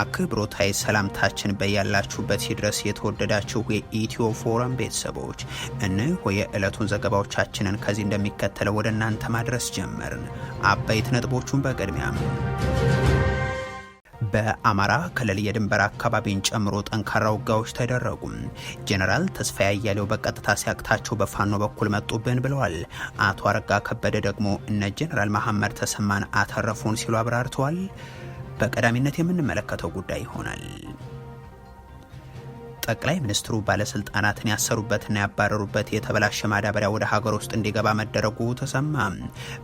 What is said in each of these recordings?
አክብሮታዊ ሰላምታችን በያላችሁበት ይድረስ። የተወደዳችሁ የኢትዮ ፎረም ቤተሰቦች እንሆ የዕለቱን ዘገባዎቻችንን ከዚህ እንደሚከተለው ወደ እናንተ ማድረስ ጀመርን። አበይት ነጥቦቹን በቅድሚያም በአማራ ክልል የድንበር አካባቢን ጨምሮ ጠንካራ ውጋዎች ተደረጉ። ጄኔራል ተስፋዬ አያሌው በቀጥታ ሲያቅታቸው በፋኖ በኩል መጡብን ብለዋል። አቶ አረጋ ከበደ ደግሞ እነ ጄኔራል መሐመድ ተሰማን አተረፉን ሲሉ አብራርተዋል። በቀዳሚነት የምንመለከተው ጉዳይ ይሆናል። ጠቅላይ ሚኒስትሩ ባለስልጣናትን ያሰሩበትና ያባረሩበት የተበላሸ ማዳበሪያ ወደ ሀገር ውስጥ እንዲገባ መደረጉ ተሰማ።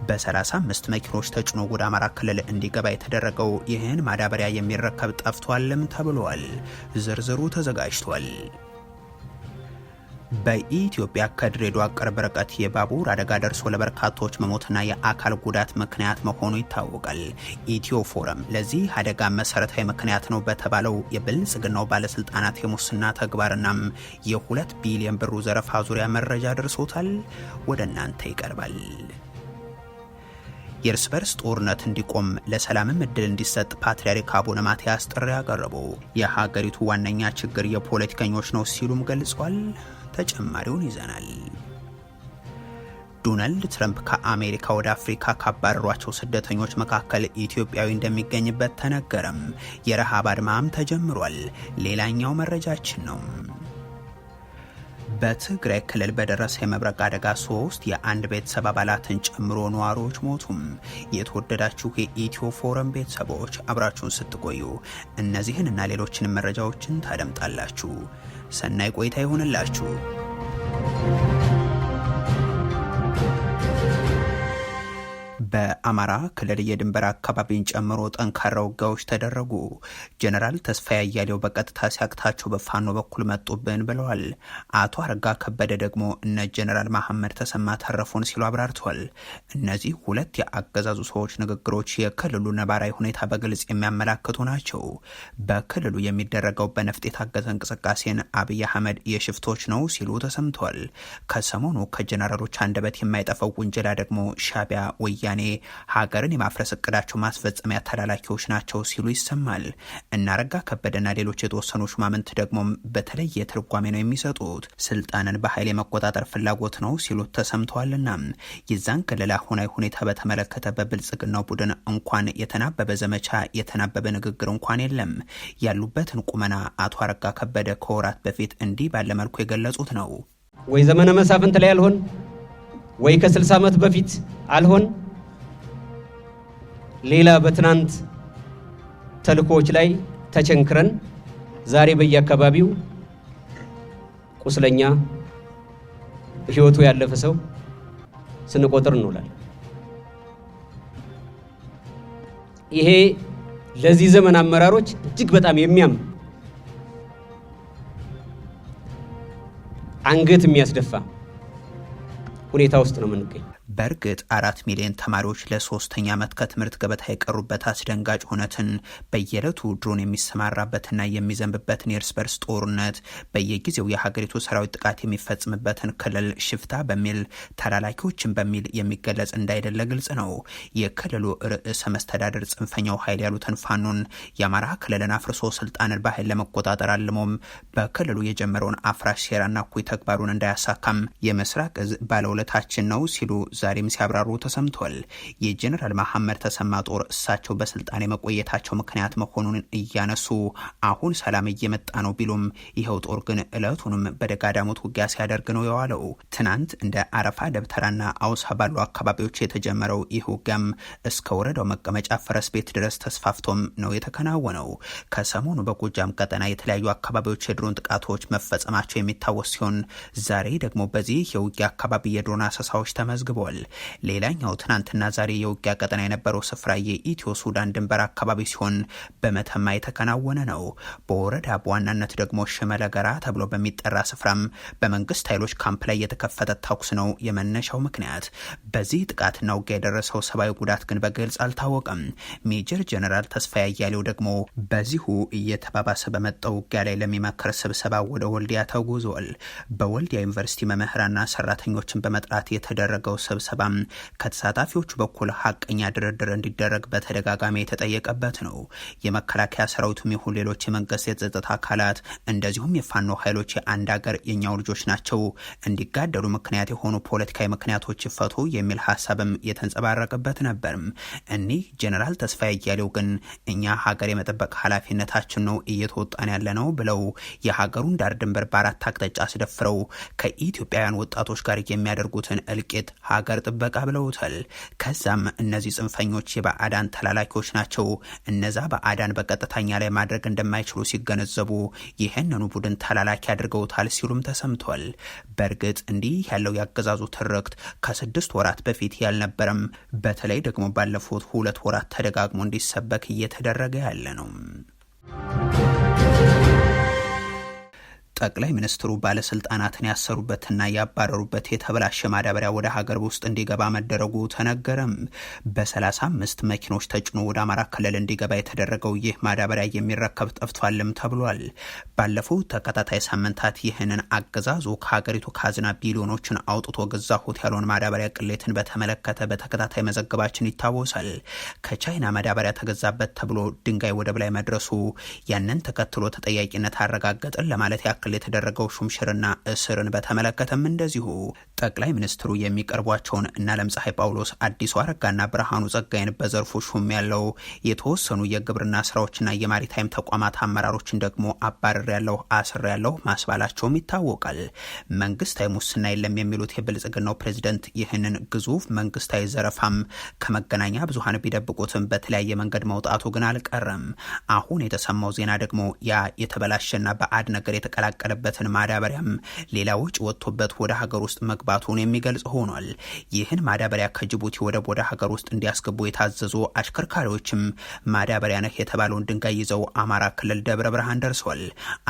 በ35 መኪኖች ተጭኖ ወደ አማራ ክልል እንዲገባ የተደረገው ይህን ማዳበሪያ የሚረከብ ጠፍቷልም ተብሏል። ዝርዝሩ ተዘጋጅቷል። በኢትዮጵያ ከድሬዳዋ ቅርብ ርቀት የባቡር አደጋ ደርሶ ለበርካቶች መሞትና የአካል ጉዳት ምክንያት መሆኑ ይታወቃል። ኢትዮ ፎረም ለዚህ አደጋ መሰረታዊ ምክንያት ነው በተባለው የብልጽግናው ባለስልጣናት የሙስና ተግባርናም የሁለት ቢሊዮን ብሩ ዘረፋ ዙሪያ መረጃ ደርሶታል፣ ወደ እናንተ ይቀርባል። የእርስ በርስ ጦርነት እንዲቆም ለሰላምም እድል እንዲሰጥ ፓትርያርክ አቡነ ማትያስ ጥሪ አቀረቡ። የሀገሪቱ ዋነኛ ችግር የፖለቲከኞች ነው ሲሉም ገልጿል። ተጨማሪውን ይዘናል። ዶናልድ ትረምፕ ከአሜሪካ ወደ አፍሪካ ካባረሯቸው ስደተኞች መካከል ኢትዮጵያዊ እንደሚገኝበት ተነገረም። የረሃብ አድማም ተጀምሯል። ሌላኛው መረጃችን ነው። በትግራይ ክልል በደረሰ የመብረቅ አደጋ ሶስት የአንድ ቤተሰብ አባላትን ጨምሮ ነዋሪዎች ሞቱም። የተወደዳችሁ የኢትዮ ፎረም ቤተሰቦች አብራችሁን ስትቆዩ እነዚህን እና ሌሎችንም መረጃዎችን ታደምጣላችሁ። ሰናይ ቆይታ ይሆንላችሁ። በአማራ ክልል የድንበር አካባቢን ጨምሮ ጠንካራ ውጊያዎች ተደረጉ። ጀነራል ተስፋዬ አያሌው በቀጥታ ሲያቅታቸው በፋኖ በኩል መጡብን ብለዋል። አቶ አረጋ ከበደ ደግሞ እነ ጀነራል መሐመድ ተሰማ ተረፉን ሲሉ አብራርተዋል። እነዚህ ሁለት የአገዛዙ ሰዎች ንግግሮች የክልሉ ነባራዊ ሁኔታ በግልጽ የሚያመላክቱ ናቸው። በክልሉ የሚደረገው በነፍጥ የታገዘ እንቅስቃሴን አብይ አህመድ የሽፍቶች ነው ሲሉ ተሰምተዋል። ከሰሞኑ ከጀነራሎች አንደበት የማይጠፋው ውንጀላ ደግሞ ሻቢያ ወያ ወያኔ ሀገርን የማፍረስ እቅዳቸው ማስፈጸሚያ ተላላኪዎች ናቸው ሲሉ ይሰማል። እናረጋ ከበደና ሌሎች የተወሰኑ ሹማምንት ደግሞ በተለየ ትርጓሜ ነው የሚሰጡት። ስልጣንን በኃይል የመቆጣጠር ፍላጎት ነው ሲሉ ተሰምተዋልና የዛን ክልል አሁናዊ ሁኔታ በተመለከተ በብልጽግናው ቡድን እንኳን የተናበበ ዘመቻ የተናበበ ንግግር እንኳን የለም። ያሉበትን ቁመና አቶ አረጋ ከበደ ከወራት በፊት እንዲህ ባለ መልኩ የገለጹት ነው። ወይ ዘመነ መሳፍንት ላይ አልሆን፣ ወይ ከ60 ዓመት በፊት አልሆን ሌላ በትናንት ተልኮዎች ላይ ተቸንክረን ዛሬ በየአካባቢው ቁስለኛ፣ ህይወቱ ያለፈ ሰው ስንቆጥር እንውላል። ይሄ ለዚህ ዘመን አመራሮች እጅግ በጣም የሚያም አንገት የሚያስደፋ ሁኔታ ውስጥ ነው የምንገኝ። በእርግጥ አራት ሚሊዮን ተማሪዎች ለሶስተኛ ዓመት ከትምህርት ገበታ የቀሩበት አስደንጋጭ ሁነትን በየዕለቱ ድሮን የሚሰማራበትና የሚዘንብበትን የእርስ በርስ ጦርነት በየጊዜው የሀገሪቱ ሰራዊት ጥቃት የሚፈጽምበትን ክልል ሽፍታ በሚል ተላላኪዎችን በሚል የሚገለጽ እንዳይደለ ግልጽ ነው። የክልሉ ርዕሰ መስተዳደር ጽንፈኛው ኃይል ያሉትን ፋኖን የአማራ ክልልን አፍርሶ ስልጣንን ባህል ለመቆጣጠር አልሞም በክልሉ የጀመረውን አፍራሽ ሴራና እኩይ ተግባሩን እንዳያሳካም የምስራቅ እዝ ባለውለታችን ነው ሲሉ ዛሬም ሲያብራሩ ተሰምቷል። የጀኔራል መሐመድ ተሰማ ጦር እሳቸው በስልጣን የመቆየታቸው ምክንያት መሆኑን እያነሱ አሁን ሰላም እየመጣ ነው ቢሉም ይኸው ጦር ግን እለቱንም በደጋዳሞት ውጊያ ሲያደርግ ነው የዋለው። ትናንት እንደ አረፋ ደብተራና አውሳ ባሉ አካባቢዎች የተጀመረው ይህ ውጊያም እስከ ወረዳው መቀመጫ ፈረስ ቤት ድረስ ተስፋፍቶም ነው የተከናወነው። ከሰሞኑ በጎጃም ቀጠና የተለያዩ አካባቢዎች የድሮን ጥቃቶች መፈጸማቸው የሚታወስ ሲሆን ዛሬ ደግሞ በዚህ የውጊያ አካባቢ የድሮን አሰሳዎች ተመዝግበዋል። ተዘግቧል። ሌላኛው ትናንትና ዛሬ የውጊያ ቀጠና የነበረው ስፍራ የኢትዮ ሱዳን ድንበር አካባቢ ሲሆን በመተማ የተከናወነ ነው። በወረዳ በዋናነት ደግሞ ሽመለገራ ተብሎ በሚጠራ ስፍራም በመንግስት ኃይሎች ካምፕ ላይ የተከፈተ ተኩስ ነው የመነሻው ምክንያት። በዚህ ጥቃትና ውጊያ የደረሰው ሰብአዊ ጉዳት ግን በግልጽ አልታወቀም። ሜጀር ጀነራል ተስፋ ያያሌው ደግሞ በዚሁ እየተባባሰ በመጣው ውጊያ ላይ ለሚመክር ስብሰባ ወደ ወልዲያ ተጉዟል። በወልዲያ ዩኒቨርሲቲ መምህራንና ሰራተኞችን በመጥራት የተደረገው ስብሰባ ከተሳታፊዎቹ በኩል ሀቀኛ ድርድር እንዲደረግ በተደጋጋሚ የተጠየቀበት ነው። የመከላከያ ሰራዊቱም ይሁን ሌሎች የመንግስት የጸጥታ አካላት እንደዚሁም የፋኖ ኃይሎች የአንድ ሀገር የእኛው ልጆች ናቸው፣ እንዲጋደሉ ምክንያት የሆኑ ፖለቲካዊ ምክንያቶች ይፈቱ የሚል ሀሳብም የተንጸባረቀበት ነበር። እኒህ ጀኔራል ተስፋዬ እያሌው ግን እኛ ሀገር የመጠበቅ ኃላፊነታችን ነው እየተወጣን ያለ ነው ብለው የሀገሩን ዳር ድንበር በአራት አቅጣጫ አስደፍረው ከኢትዮጵያውያን ወጣቶች ጋር የሚያደርጉትን እልቂት ሀገር ጥበቃ ብለውታል። ከዛም እነዚህ ጽንፈኞች የባዕዳን ተላላኪዎች ናቸው፣ እነዛ ባዕዳን በቀጥታኛ ላይ ማድረግ እንደማይችሉ ሲገነዘቡ ይህንኑ ቡድን ተላላኪ አድርገውታል ሲሉም ተሰምቷል። በእርግጥ እንዲህ ያለው ያገዛዙ ትርክት ከስድስት ወራት በፊት ያልነበረም፣ በተለይ ደግሞ ባለፉት ሁለት ወራት ተደጋግሞ እንዲሰበክ እየተደረገ ያለ ነው። ጠቅላይ ሚኒስትሩ ባለስልጣናትን ያሰሩበትና ያባረሩበት የተበላሸ ማዳበሪያ ወደ ሀገር ውስጥ እንዲገባ መደረጉ ተነገረም። በ35 መኪኖች ተጭኖ ወደ አማራ ክልል እንዲገባ የተደረገው ይህ ማዳበሪያ የሚረከብ ጠፍቷልም ተብሏል። ባለፉት ተከታታይ ሳምንታት ይህንን አገዛዙ ከሀገሪቱ ካዝና ቢሊዮኖችን አውጥቶ ገዛሁት ያለውን ማዳበሪያ ቅሌትን በተመለከተ በተከታታይ መዘገባችን ይታወሳል። ከቻይና ማዳበሪያ ተገዛበት ተብሎ ድንጋይ ወደብ ላይ መድረሱ ያንን ተከትሎ ተጠያቂነት አረጋገጥን ለማለት ያ መካከል የተደረገው ሹምሽርና እስርን በተመለከተም እንደዚሁ ጠቅላይ ሚኒስትሩ የሚቀርቧቸውን እነ ዓለም ፀሐይ ጳውሎስ፣ አዲሱ አረጋና ብርሃኑ ጸጋይን በዘርፉ ሹም ያለው የተወሰኑ የግብርና ስራዎችና የማሪታይም ተቋማት አመራሮችን ደግሞ አባረር ያለው አስር ያለው ማስባላቸውም ይታወቃል። መንግስታዊ ሙስና የለም የሚሉት የብልጽግናው ፕሬዚደንት ይህንን ግዙፍ መንግስታዊ ዘረፋም ከመገናኛ ብዙሀን ቢደብቁትም በተለያየ መንገድ መውጣቱ ግን አልቀረም። አሁን የተሰማው ዜና ደግሞ ያ የተበላሸና በአድ ነገር የተቀላ የተቀላቀለበትን ማዳበሪያም ሌላ ወጪ ወጥቶበት ወደ ሀገር ውስጥ መግባቱን የሚገልጽ ሆኗል። ይህን ማዳበሪያ ከጅቡቲ ወደብ ወደ ሀገር ውስጥ እንዲያስገቡ የታዘዙ አሽከርካሪዎችም ማዳበሪያ ነህ የተባለውን ድንጋይ ይዘው አማራ ክልል ደብረ ብርሃን ደርሷል።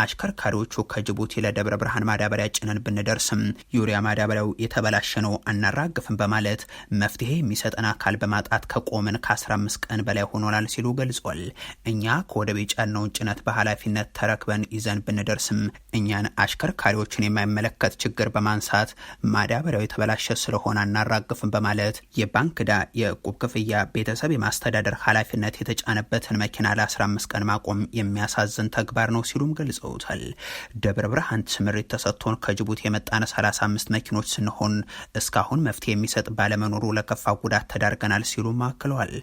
አሽከርካሪዎቹ ከጅቡቲ ለደብረ ብርሃን ማዳበሪያ ጭነን ብንደርስም ዩሪያ ማዳበሪያው የተበላሸ ነው አናራግፍም በማለት መፍትሄ የሚሰጠን አካል በማጣት ከቆምን ከ15 ቀን በላይ ሆኖናል ሲሉ ገልጿል። እኛ ከወደብ የጫነውን ጭነት በኃላፊነት ተረክበን ይዘን ብንደርስም እኛን አሽከርካሪዎችን የማይመለከት ችግር በማንሳት ማዳበሪያው የተበላሸ ስለሆነ አናራግፍም በማለት የባንክ ዕዳ፣ የዕቁብ ክፍያ፣ ቤተሰብ የማስተዳደር ኃላፊነት የተጫነበትን መኪና ለ15 ቀን ማቆም የሚያሳዝን ተግባር ነው ሲሉም ገልጸውታል። ደብረ ብርሃን ስምሪት ተሰጥቶን ከጅቡቲ የመጣነ 35 መኪኖች ስንሆን እስካሁን መፍትሄ የሚሰጥ ባለመኖሩ ለከፋ ጉዳት ተዳርገናል ሲሉም አክለዋል።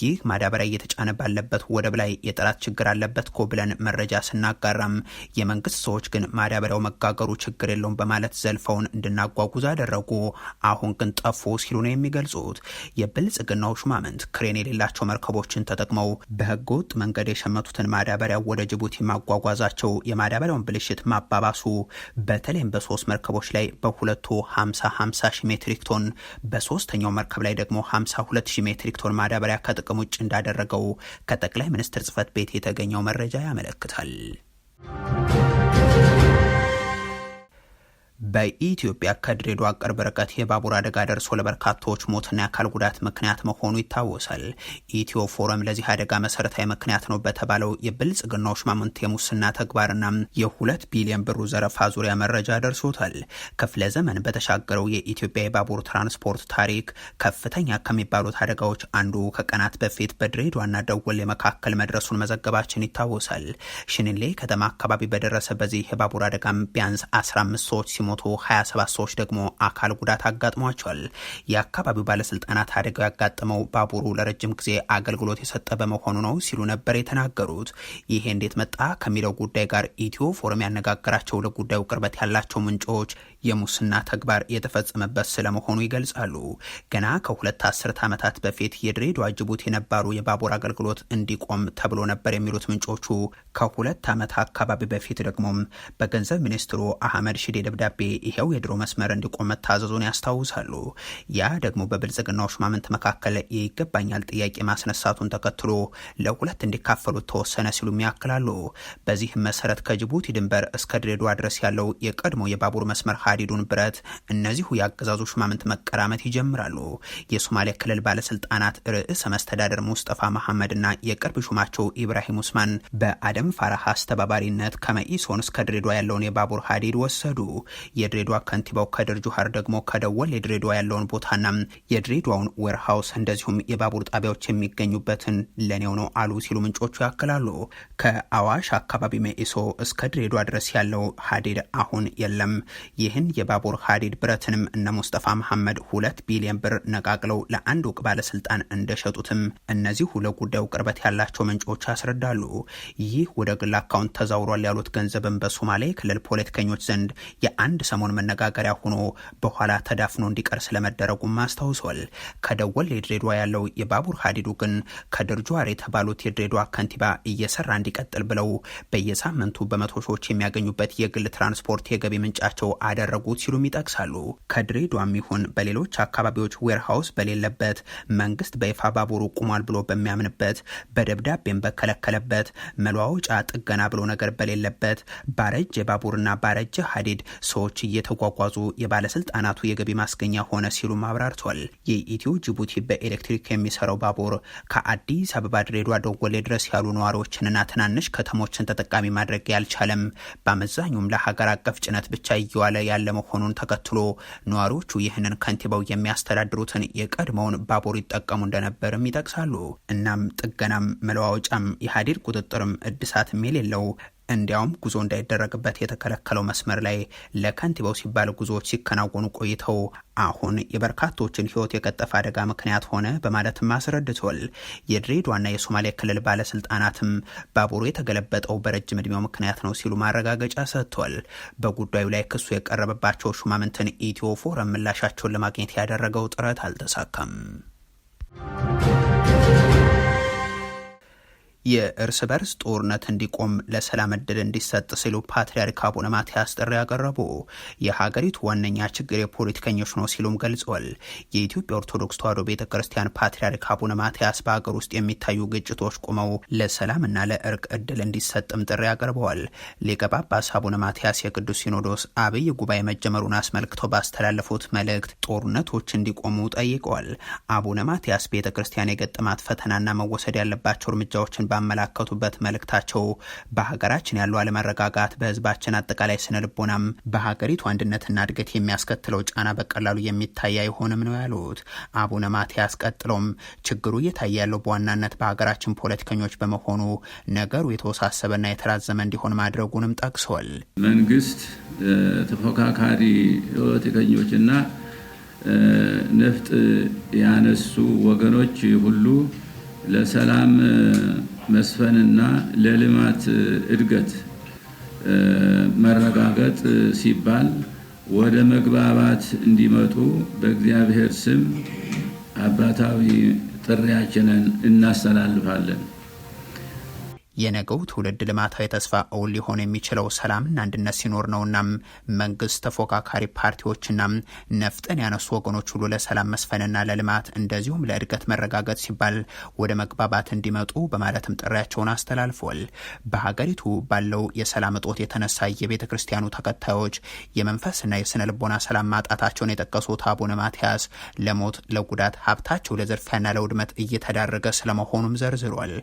ይህ ማዳበሪያ እየተጫነ ባለበት ወደብ ላይ የጠላት ችግር አለበት ኮ ብለን መረጃ ስናጋራም የመንግስት ሰዎች ግን ማዳበሪያው መጋገሩ ችግር የለውም በማለት ዘልፈውን እንድናጓጉዝ አደረጉ። አሁን ግን ጠፎ ሲሉ ነው የሚገልጹት። የብልጽግናው ሹማምንት ክሬን የሌላቸው መርከቦችን ተጠቅመው በህገወጥ መንገድ የሸመቱትን ማዳበሪያ ወደ ጅቡቲ ማጓጓዛቸው የማዳበሪያውን ብልሽት ማባባሱ፣ በተለይም በሶስት መርከቦች ላይ በሁለቱ 50 50 ሺ ሜትሪክ ቶን በሶስተኛው መርከብ ላይ ደግሞ 52 ሺ ሜትሪክ ቶን ማዳበሪያ ከጥቅም ውጭ እንዳደረገው ከጠቅላይ ሚኒስትር ጽህፈት ቤት የተገኘው መረጃ ያመለክታል። በኢትዮጵያ ከድሬዳዋ ቅርብ ርቀት የባቡር አደጋ ደርሶ ለበርካታዎች ሞትና የአካል ጉዳት ምክንያት መሆኑ ይታወሳል። ኢትዮ ፎረም ለዚህ አደጋ መሰረታዊ ምክንያት ነው በተባለው የብልጽግናው ሽማምንት የሙስና ተግባርና የሁለት ቢሊዮን ብሩ ዘረፋ ዙሪያ መረጃ ደርሶታል። ክፍለ ዘመን በተሻገረው የኢትዮጵያ የባቡር ትራንስፖርት ታሪክ ከፍተኛ ከሚባሉት አደጋዎች አንዱ ከቀናት በፊት በድሬዳዋና ደወሌ መካከል መድረሱን መዘገባችን ይታወሳል። ሽንሌ ከተማ አካባቢ በደረሰ በዚህ የባቡር አደጋም ቢያንስ 15 ሰዎች ሲሞ መቶ 27 ሰዎች ደግሞ አካል ጉዳት አጋጥሟቸዋል። የአካባቢው ባለስልጣናት አደጋው ያጋጠመው ባቡሩ ለረጅም ጊዜ አገልግሎት የሰጠ በመሆኑ ነው ሲሉ ነበር የተናገሩት። ይሄ እንዴት መጣ ከሚለው ጉዳይ ጋር ኢትዮ ፎረም ያነጋገራቸው ለጉዳዩ ቅርበት ያላቸው ምንጮች የሙስና ተግባር የተፈጸመበት ስለመሆኑ ይገልጻሉ። ገና ከሁለት አስርት ዓመታት በፊት የድሬዳዋ ጅቡቲ የነባሩ የባቡር አገልግሎት እንዲቆም ተብሎ ነበር የሚሉት ምንጮቹ ከሁለት ዓመት አካባቢ በፊት ደግሞም በገንዘብ ሚኒስትሩ አህመድ ሽዴ ደብዳቤ ደብዳቤ ይኸው የድሮ መስመር እንዲቆም መታዘዙን ያስታውሳሉ። ያ ደግሞ በብልጽግናው ሹማምንት መካከል የይገባኛል ጥያቄ ማስነሳቱን ተከትሎ ለሁለት እንዲካፈሉ ተወሰነ ሲሉም ያክላሉ። በዚህ መሰረት ከጅቡቲ ድንበር እስከ ድሬዳዋ ድረስ ያለው የቀድሞ የባቡር መስመር ሀዲዱን ብረት እነዚሁ የአገዛዙ ሹማምንት መቀራመት ይጀምራሉ። የሶማሌ ክልል ባለስልጣናት ርዕሰ መስተዳደር ሙስጠፋ መሐመድና የቅርብ ሹማቸው ኢብራሂም ኡስማን በአደም ፋራህ አስተባባሪነት ከመኢሶን እስከ ድሬዳዋ ያለውን የባቡር ሀዲድ ወሰዱ። የድሬዷ ከንቲባው ከድር ጁሃር ደግሞ ከደወል የድሬዷ ያለውን ቦታና የድሬዷውን ዌርሃውስ እንደዚሁም የባቡር ጣቢያዎች የሚገኙበትን ለኔው ነው አሉ ሲሉ ምንጮቹ ያክላሉ። ከአዋሽ አካባቢ መኢሶ እስከ ድሬዷ ድረስ ያለው ሀዲድ አሁን የለም። ይህን የባቡር ሀዲድ ብረትንም እነ ሙስጠፋ መሐመድ ሁለት ቢሊዮን ብር ነቃቅለው ለአንድ ውቅ ባለስልጣን እንደሸጡትም እነዚሁ ለጉዳዩ ቅርበት ያላቸው ምንጮች ያስረዳሉ። ይህ ወደ ግል አካውንት ተዛውሯል ያሉት ገንዘብን በሶማሌ ክልል ፖለቲከኞች ዘንድ የአንድ የአንድ ሰሞን መነጋገሪያ ሆኖ በኋላ ተዳፍኖ እንዲቀር ስለመደረጉም አስታውሷል። ከደወል የድሬዷ ያለው የባቡር ሀዲዱ ግን ከድር የተባሉት የድሬዷ ከንቲባ እየሰራ እንዲቀጥል ብለው በየሳምንቱ በመቶ ሺዎች የሚያገኙበት የግል ትራንስፖርት የገቢ ምንጫቸው አደረጉት ሲሉም ይጠቅሳሉ። ከድሬዷም ይሁን በሌሎች አካባቢዎች ዌርሃውስ በሌለበት መንግስት በይፋ ባቡሩ ቁሟል ብሎ በሚያምንበት በደብዳቤም በከለከለበት መለዋወጫ ጥገና ብሎ ነገር በሌለበት ባረጀ ባቡርና ባረጀ ሀዲድ ሶ ሰዎች እየተጓጓዙ የባለስልጣናቱ የገቢ ማስገኛ ሆነ ሲሉም አብራርቷል። የኢትዮ ጅቡቲ በኤሌክትሪክ የሚሰራው ባቡር ከአዲስ አበባ ድሬዳዋ፣ ደወሌ ድረስ ያሉ ነዋሪዎችንና ትናንሽ ከተሞችን ተጠቃሚ ማድረግ ያልቻለም በአመዛኙም ለሀገር አቀፍ ጭነት ብቻ እየዋለ ያለ መሆኑን ተከትሎ ነዋሪዎቹ ይህንን ከንቲባው የሚያስተዳድሩትን የቀድሞውን ባቡር ይጠቀሙ እንደነበርም ይጠቅሳሉ። እናም ጥገናም መለዋወጫም የሀዲድ ቁጥጥርም እድሳትም የሌለው እንዲያውም ጉዞ እንዳይደረግበት የተከለከለው መስመር ላይ ለከንቲባው ሲባል ጉዞዎች ሲከናወኑ ቆይተው አሁን የበርካቶችን ሕይወት የቀጠፈ አደጋ ምክንያት ሆነ በማለትም አስረድቷል። የድሬዳዋና የሶማሌ ክልል ባለስልጣናትም ባቡሩ የተገለበጠው በረጅም እድሜው ምክንያት ነው ሲሉ ማረጋገጫ ሰጥቷል። በጉዳዩ ላይ ክሱ የቀረበባቸው ሹማምንትን ኢትዮ ፎረም ምላሻቸውን ለማግኘት ያደረገው ጥረት አልተሳካም። የእርስ በርስ ጦርነት እንዲቆም ለሰላም እድል እንዲሰጥ ሲሉ ፓትርያርክ አቡነ ማትያስ ጥሪ ያቀረቡ የሀገሪቱ ዋነኛ ችግር የፖለቲከኞች ነው ሲሉም ገልጸዋል። የኢትዮጵያ ኦርቶዶክስ ተዋሕዶ ቤተ ክርስቲያን ፓትርያርክ አቡነ ማትያስ በሀገር ውስጥ የሚታዩ ግጭቶች ለሰላም ለሰላምና ለእርቅ እድል እንዲሰጥም ጥሪ ያቀርበዋል። ሊቀ ጳጳስ አቡነ ማትያስ የቅዱስ ሲኖዶስ አብይ ጉባኤ መጀመሩን አስመልክተው ባስተላለፉት መልእክት ጦርነቶች እንዲቆሙ ጠይቀዋል። አቡነ ማትያስ ቤተ ክርስቲያን የገጠማት ፈተናና መወሰድ ያለባቸው እርምጃዎችን ባመላከቱበት መልእክታቸው በሀገራችን ያለው አለመረጋጋት በህዝባችን አጠቃላይ ስነ ልቦናም በሀገሪቱ አንድነትና እድገት የሚያስከትለው ጫና በቀላሉ የሚታይ አይሆንም ነው ያሉት አቡነ ማትያስ። ቀጥሎም ችግሩ እየታየ ያለው በዋናነት በሀገራችን ፖለቲከኞች በመሆኑ ነገሩ የተወሳሰበና የተራዘመ እንዲሆን ማድረጉንም ጠቅሷል። መንግስት ተፎካካሪ ፖለቲከኞችና ነፍጥ ያነሱ ወገኖች ሁሉ ለሰላም መስፈንና ለልማት እድገት መረጋገጥ ሲባል ወደ መግባባት እንዲመጡ በእግዚአብሔር ስም አባታዊ ጥሪያችንን እናስተላልፋለን። የነገው ትውልድ ልማታዊ ተስፋ እውን ሊሆን የሚችለው ሰላምና አንድነት ሲኖር ነውና መንግስት ተፎካካሪ ፓርቲዎችና ነፍጥን ያነሱ ወገኖች ሁሉ ለሰላም መስፈንና ለልማት እንደዚሁም ለእድገት መረጋገጥ ሲባል ወደ መግባባት እንዲመጡ በማለትም ጥሪያቸውን አስተላልፏል። በሀገሪቱ ባለው የሰላም እጦት የተነሳ የቤተ ክርስቲያኑ ተከታዮች የመንፈስና የስነ ልቦና ሰላም ማጣታቸውን የጠቀሱት አቡነ ማትያስ ለሞት ለጉዳት፣ ሀብታቸው ለዝርፊያና ለውድመት እየተዳረገ ስለመሆኑም ዘርዝሯል።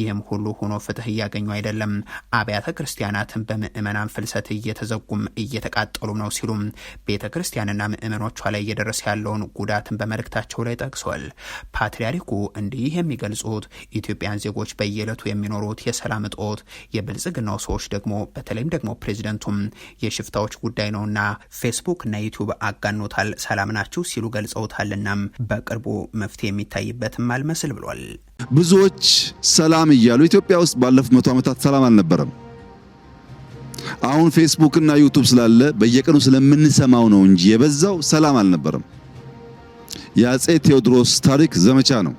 ይህም ሁሉ ሆኖ ፍትህ መፍትሄ እያገኙ አይደለም። አብያተ ክርስቲያናትን በምእመናን ፍልሰት እየተዘጉም እየተቃጠሉ ነው ሲሉም ቤተ ክርስቲያንና ምእመኖቿ ላይ እየደረሰ ያለውን ጉዳትን በመልእክታቸው ላይ ጠቅሷል። ፓትርያርኩ እንዲህ የሚገልጹት ኢትዮጵያን ዜጎች በየዕለቱ የሚኖሩት የሰላም እጦት፣ የብልጽግናው ሰዎች ደግሞ በተለይም ደግሞ ፕሬዚደንቱም የሽፍታዎች ጉዳይ ነውና ፌስቡክ እና ዩቲዩብ አጋኖታል፣ ሰላም ናችሁ ሲሉ ገልጸውታልና በቅርቡ መፍትሄ የሚታይበትም አልመስል ብሏል። ብዙዎች ሰላም እያሉ ኢትዮጵያ ውስጥ ባለፉት መቶ ዓመታት ሰላም አልነበረም። አሁን ፌስቡክ እና ዩቱብ ስላለ በየቀኑ ስለምንሰማው ነው እንጂ የበዛው ሰላም አልነበረም። የአፄ ቴዎድሮስ ታሪክ ዘመቻ ነው።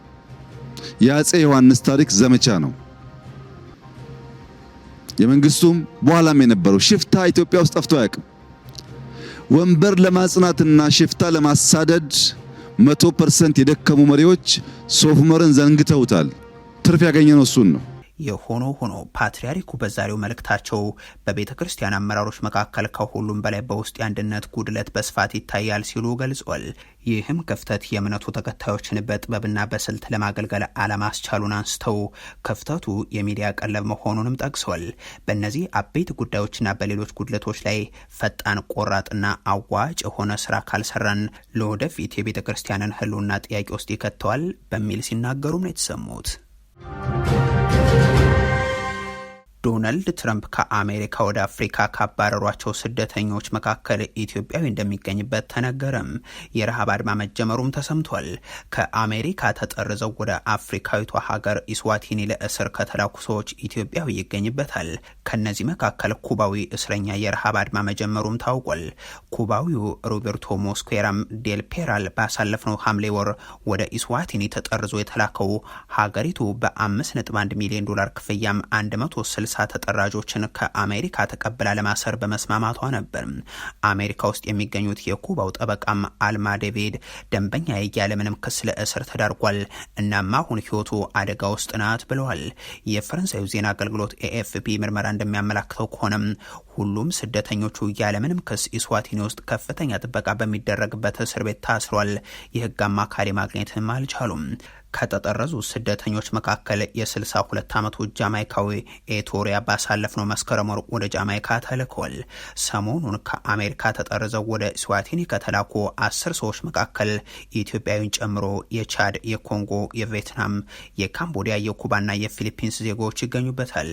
የአፄ ዮሐንስ ታሪክ ዘመቻ ነው። የመንግስቱም በኋላም የነበረው ሽፍታ ኢትዮጵያ ውስጥ ጠፍቶ አያውቅም። ወንበር ለማጽናትና ሽፍታ ለማሳደድ መቶ ፐርሰንት የደከሙ መሪዎች ሶፍመርን ዘንግተውታል። ትርፍ ያገኘነው እሱን ነው። የሆኖ ሆኖ ፓትርያርኩ በዛሬው መልእክታቸው በቤተ ክርስቲያን አመራሮች መካከል ከሁሉም በላይ በውስጥ የአንድነት ጉድለት በስፋት ይታያል ሲሉ ገልጿል። ይህም ክፍተት የእምነቱ ተከታዮችን በጥበብና በስልት ለማገልገል አለማስቻሉን አንስተው ክፍተቱ የሚዲያ ቀለብ መሆኑንም ጠቅሰዋል። በእነዚህ አበይት ጉዳዮችና በሌሎች ጉድለቶች ላይ ፈጣን ቆራጥና አዋጭ የሆነ ስራ ካልሰራን ለወደፊት የቤተ ክርስቲያንን ሕልውና ጥያቄ ውስጥ ይከተዋል በሚል ሲናገሩም ነው የተሰሙት። ዶናልድ ትራምፕ ከአሜሪካ ወደ አፍሪካ ካባረሯቸው ስደተኞች መካከል ኢትዮጵያዊ እንደሚገኝበት ተነገረም። የረሃብ አድማ መጀመሩም ተሰምቷል። ከአሜሪካ ተጠርዘው ወደ አፍሪካዊቷ ሀገር ኢስዋቲኒ ለእስር ከተላኩ ሰዎች ኢትዮጵያዊ ይገኝበታል። ከነዚህ መካከል ኩባዊ እስረኛ የረሃብ አድማ መጀመሩም ታውቋል። ኩባዊው ሮቤርቶ ሞስኩዌራም ዴል ፔራል ባሳለፍነው ሐምሌ ወር ወደ ኢስዋቲኒ ተጠርዞ የተላከው ሀገሪቱ በ5.1 ሚሊዮን ዶላር ክፍያም 160 30 ተጠራጆችን ከአሜሪካ ተቀብላ ለማሰር በመስማማቷ ነበር። አሜሪካ ውስጥ የሚገኙት የኩባው ጠበቃም አልማ ዴቪድ ደንበኛ ያለምንም ክስ ለእስር ተዳርጓል፣ እናም አሁን ህይወቱ አደጋ ውስጥ ናት ብለዋል። የፈረንሳዩ ዜና አገልግሎት ኤኤፍፒ ምርመራ እንደሚያመላክተው ከሆነም ሁሉም ስደተኞቹ ያለምንም ክስ ኢስዋቲኒ ውስጥ ከፍተኛ ጥበቃ በሚደረግበት እስር ቤት ታስሯል። የህግ አማካሪ ማግኘትም አልቻሉም። ከተጠረዙ ስደተኞች መካከል የ62 ዓመቱ ጃማይካዊ ኤቶሪያ ባሳለፍነው መስከረም ወር ወደ ጃማይካ ተልከዋል። ሰሞኑን ከአሜሪካ ተጠርዘው ወደ ስዋቲኒ ከተላኩ አስር ሰዎች መካከል ኢትዮጵያዊን ጨምሮ የቻድ፣ የኮንጎ፣ የቬትናም የካምቦዲያ፣ የኩባና የፊሊፒንስ ዜጎች ይገኙበታል።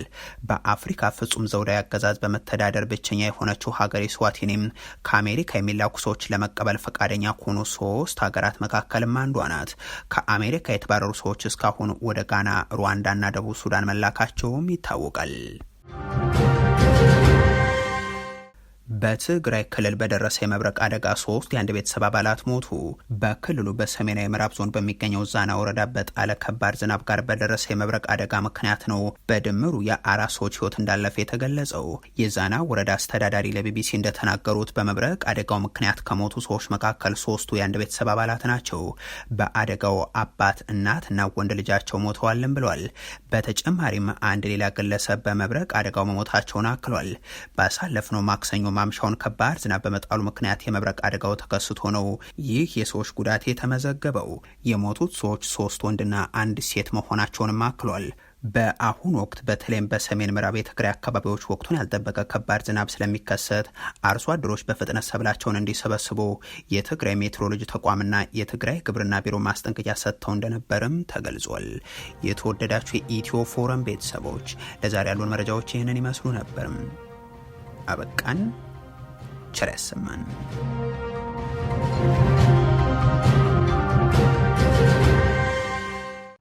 በአፍሪካ ፍጹም ዘውዳዊ አገዛዝ በመተዳደር ብቸኛ የሆነችው ሀገር ስዋቲኒም ከአሜሪካ የሚላኩ ሰዎች ለመቀበል ፈቃደኛ ከሆኑ ሶስት ሀገራት መካከልም አንዷ ናት። ከአሜሪካ የሚባረሩ ሰዎች እስካሁን ወደ ጋና፣ ሩዋንዳና ደቡብ ሱዳን መላካቸውም ይታወቃል። በትግራይ ክልል በደረሰ የመብረቅ አደጋ ሶስት የአንድ ቤተሰብ አባላት ሞቱ። በክልሉ በሰሜናዊ ምዕራብ ዞን በሚገኘው ዛና ወረዳ በጣለ ከባድ ዝናብ ጋር በደረሰ የመብረቅ አደጋ ምክንያት ነው በድምሩ የአራት ሰዎች ህይወት እንዳለፈ የተገለጸው። የዛና ወረዳ አስተዳዳሪ ለቢቢሲ እንደተናገሩት በመብረቅ አደጋው ምክንያት ከሞቱ ሰዎች መካከል ሶስቱ የአንድ ቤተሰብ አባላት ናቸው። በአደጋው አባት፣ እናት እና ወንድ ልጃቸው ሞተዋልን ብሏል። በተጨማሪም አንድ ሌላ ግለሰብ በመብረቅ አደጋው መሞታቸውን አክሏል። ባሳለፍነው ማክሰኞ ማምሻውን ከባድ ዝናብ በመጣሉ ምክንያት የመብረቅ አደጋው ተከስቶ ነው ይህ የሰዎች ጉዳት የተመዘገበው። የሞቱት ሰዎች ሶስት ወንድና አንድ ሴት መሆናቸውንም አክሏል። በአሁኑ ወቅት በተለይም በሰሜን ምዕራብ የትግራይ አካባቢዎች ወቅቱን ያልጠበቀ ከባድ ዝናብ ስለሚከሰት አርሶ አደሮች በፍጥነት ሰብላቸውን እንዲሰበስቡ የትግራይ ሜትሮሎጂ ተቋምና የትግራይ ግብርና ቢሮ ማስጠንቀቂያ ሰጥተው እንደነበርም ተገልጿል። የተወደዳችሁ የኢትዮ ፎረም ቤተሰቦች ለዛሬ ያሉን መረጃዎች ይህንን ይመስሉ ነበርም። አበቃን። ቸር ያሰማን።